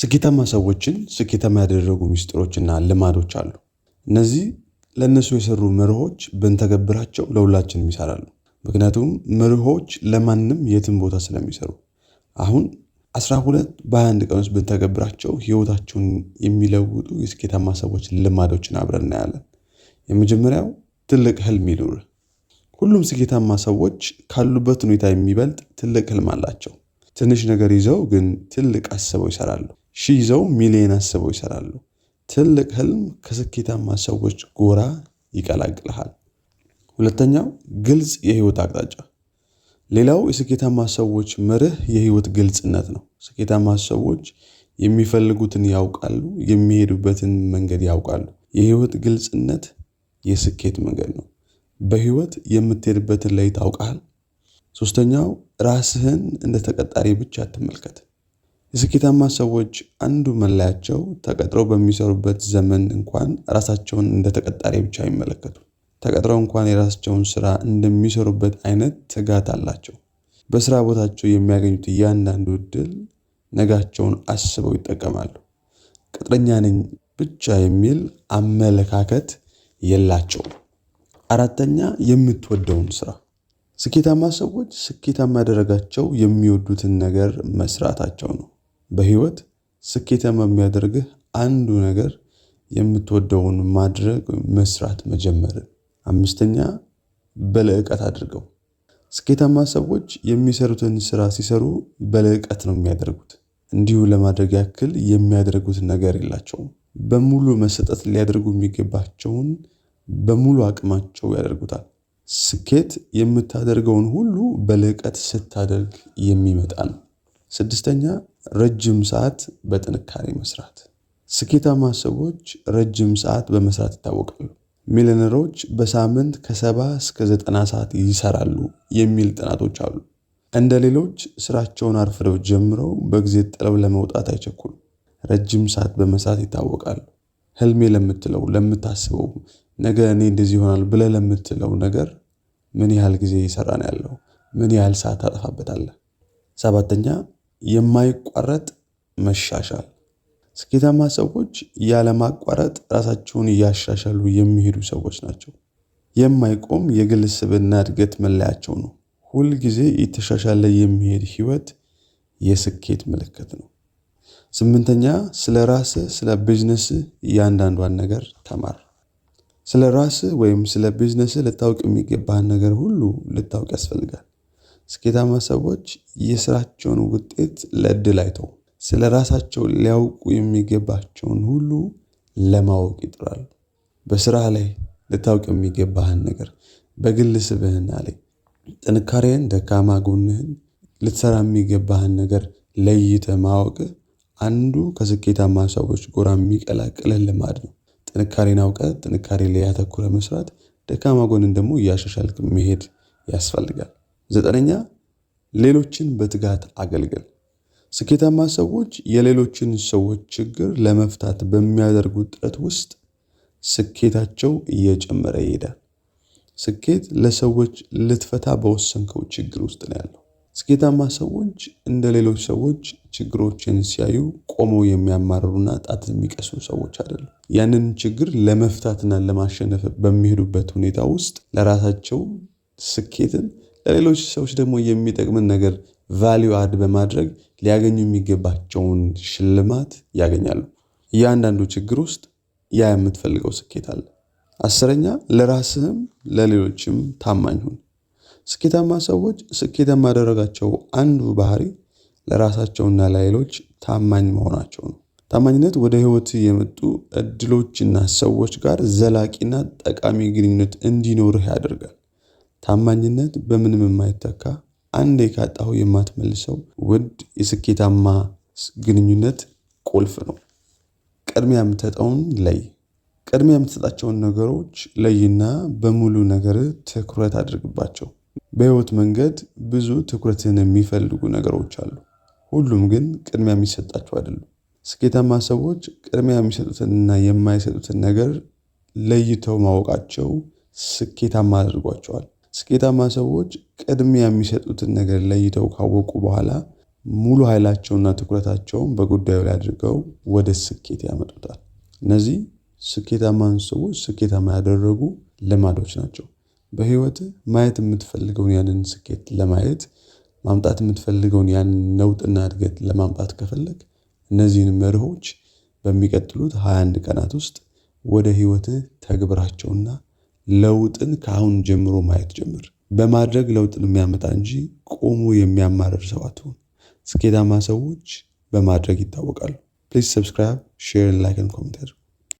ስኬታማ ሰዎችን ስኬታማ ያደረጉ ሚስጥሮችና ልማዶች አሉ። እነዚህ ለእነሱ የሰሩ መርሆች ብንተገብራቸው ለሁላችንም ይሰራሉ። ምክንያቱም መርሆች ለማንም የትም ቦታ ስለሚሰሩ አሁን 12 በ21 ቀን ውስጥ ብንተገብራቸው ህይወታቸውን የሚለውጡ የስኬታማ ሰዎች ልማዶችን አብረን እናያለን። የመጀመሪያው ትልቅ ህልም ይኑር። ሁሉም ስኬታማ ሰዎች ካሉበት ሁኔታ የሚበልጥ ትልቅ ህልም አላቸው። ትንሽ ነገር ይዘው ግን ትልቅ አስበው ይሰራሉ። ሺህ ይዘው ሚሊዮን አስበው ይሰራሉ። ትልቅ ህልም ከስኬታማ ሰዎች ጎራ ይቀላቅልሃል። ሁለተኛው ግልጽ የህይወት አቅጣጫ። ሌላው የስኬታማ ሰዎች መርህ የህይወት ግልጽነት ነው። ስኬታማ ሰዎች የሚፈልጉትን ያውቃሉ፣ የሚሄዱበትን መንገድ ያውቃሉ። የህይወት ግልጽነት የስኬት መንገድ ነው። በህይወት የምትሄድበትን ላይ ታውቃል። ሶስተኛው ራስህን እንደ ተቀጣሪ ብቻ አትመልከት። የስኬታማ ሰዎች አንዱ መለያቸው ተቀጥረው በሚሰሩበት ዘመን እንኳን ራሳቸውን እንደ ተቀጣሪ ብቻ አይመለከቱ። ተቀጥረው እንኳን የራሳቸውን ስራ እንደሚሰሩበት አይነት ትጋት አላቸው። በስራ ቦታቸው የሚያገኙት እያንዳንዱ እድል ነጋቸውን አስበው ይጠቀማሉ። ቅጥረኛ ነኝ ብቻ የሚል አመለካከት የላቸውም። አራተኛ የምትወደውን ስራ ስኬታማ ሰዎች ስኬታማ ያደረጋቸው የሚወዱትን ነገር መስራታቸው ነው። በህይወት ስኬታማ የሚያደርግህ አንዱ ነገር የምትወደውን ማድረግ መስራት መጀመር አምስተኛ በልዕቀት አድርገው ስኬታማ ሰዎች የሚሰሩትን ስራ ሲሰሩ በልዕቀት ነው የሚያደርጉት እንዲሁ ለማድረግ ያክል የሚያደርጉት ነገር የላቸውም በሙሉ መሰጠት ሊያደርጉ የሚገባቸውን በሙሉ አቅማቸው ያደርጉታል። ስኬት የምታደርገውን ሁሉ በልዕቀት ስታደርግ የሚመጣ ነው ስድስተኛ ረጅም ሰዓት በጥንካሬ መስራት። ስኬታማ ሰዎች ረጅም ሰዓት በመስራት ይታወቃሉ። ሚሊነሮች በሳምንት ከሰባ እስከ ዘጠና ሰዓት ይሰራሉ የሚል ጥናቶች አሉ። እንደ ሌሎች ስራቸውን አርፍደው ጀምረው በጊዜ ጥለው ለመውጣት አይቸኩሉም። ረጅም ሰዓት በመስራት ይታወቃሉ። ህልሜ ለምትለው ለምታስበው ነገ እኔ እንደዚህ ይሆናል ብለህ ለምትለው ነገር ምን ያህል ጊዜ እየሰራ ነው ያለው? ምን ያህል ሰዓት ታጠፋበታለህ? ሰባተኛ የማይቋረጥ መሻሻል ስኬታማ ሰዎች ያለማቋረጥ ራሳቸውን እያሻሻሉ የሚሄዱ ሰዎች ናቸው። የማይቆም የግል ስብዕና እድገት መለያቸው ነው። ሁል ጊዜ እየተሻሻለ የሚሄድ ህይወት የስኬት ምልክት ነው። ስምንተኛ ስለ ራስ ስለ ቢዝነስ እያንዳንዷን ነገር ተማር። ስለ ራስ ወይም ስለ ቢዝነስ ልታውቅ የሚገባህን ነገር ሁሉ ልታውቅ ያስፈልጋል ስኬታማ ሰዎች የስራቸውን ውጤት ለእድል አይተው ስለራሳቸው ሊያውቁ የሚገባቸውን ሁሉ ለማወቅ ይጥራሉ። በስራ ላይ ልታውቅ የሚገባህን ነገር በግል ስብዕና ላይ ጥንካሬህን ደካማ ጎንህን ልትሰራ የሚገባህን ነገር ለይተ ማወቅ አንዱ ከስኬታማ ሰዎች ጎራ የሚቀላቅልህ ልማድ ነው። ጥንካሬን አውቀ ጥንካሬ ላይ ያተኮረ መስራት ደካማ ጎንን ደግሞ እያሻሻልክ መሄድ ያስፈልጋል ዘጠነኛ ሌሎችን በትጋት አገልግል። ስኬታማ ሰዎች የሌሎችን ሰዎች ችግር ለመፍታት በሚያደርጉት ጥረት ውስጥ ስኬታቸው እየጨመረ ይሄዳል። ስኬት ለሰዎች ልትፈታ በወሰንከው ችግር ውስጥ ነው ያለው። ስኬታማ ሰዎች እንደ ሌሎች ሰዎች ችግሮችን ሲያዩ ቆመው የሚያማርሩና ጣት የሚቀሱ ሰዎች አይደሉም። ያንን ችግር ለመፍታትና ለማሸነፍ በሚሄዱበት ሁኔታ ውስጥ ለራሳቸው ስኬትን ለሌሎች ሰዎች ደግሞ የሚጠቅምን ነገር ቫሊዩ አድ በማድረግ ሊያገኙ የሚገባቸውን ሽልማት ያገኛሉ። እያንዳንዱ ችግር ውስጥ ያ የምትፈልገው ስኬት አለ። አስረኛ ለራስህም ለሌሎችም ታማኝ ሁን። ስኬታማ ሰዎች ስኬት የማደረጋቸው አንዱ ባህሪ ለራሳቸውና ለሌሎች ታማኝ መሆናቸው ነው። ታማኝነት ወደ ህይወት የመጡ እድሎችና ሰዎች ጋር ዘላቂና ጠቃሚ ግንኙነት እንዲኖርህ ያደርጋል። ታማኝነት በምንም የማይተካ አንዴ ካጣሁ የማትመልሰው ውድ የስኬታማ ግንኙነት ቁልፍ ነው። ቅድሚያ የምትሰጠውን ለይ ቅድሚያ የምትሰጣቸውን ነገሮች ለይና በሙሉ ነገር ትኩረት አድርግባቸው። በህይወት መንገድ ብዙ ትኩረትን የሚፈልጉ ነገሮች አሉ። ሁሉም ግን ቅድሚያ የሚሰጣቸው አይደሉም። ስኬታማ ሰዎች ቅድሚያ የሚሰጡትንና የማይሰጡትን ነገር ለይተው ማወቃቸው ስኬታማ አድርጓቸዋል ስኬታማ ሰዎች ቅድሚያ የሚሰጡትን ነገር ለይተው ካወቁ በኋላ ሙሉ ኃይላቸውና ትኩረታቸውን በጉዳዩ ላይ አድርገው ወደ ስኬት ያመጡታል። እነዚህ ስኬታማን ሰዎች ስኬታማ ያደረጉ ልማዶች ናቸው። በህይወት ማየት የምትፈልገውን ያንን ስኬት ለማየት ማምጣት የምትፈልገውን ያንን ነውጥና እድገት ለማምጣት ከፈለግ እነዚህን መርሆች በሚቀጥሉት 21 ቀናት ውስጥ ወደ ህይወትህ ተግብራቸውና ለውጥን ከአሁን ጀምሮ ማየት ጀምር። በማድረግ ለውጥን የሚያመጣ እንጂ ቆሞ የሚያማርር ሰው አትሁን። ስኬታማ ሰዎች በማድረግ ይታወቃሉ። ፕሊዝ ሰብስክራይብ፣ ሼር፣ ላይክ ኮሜንት አድርጉ።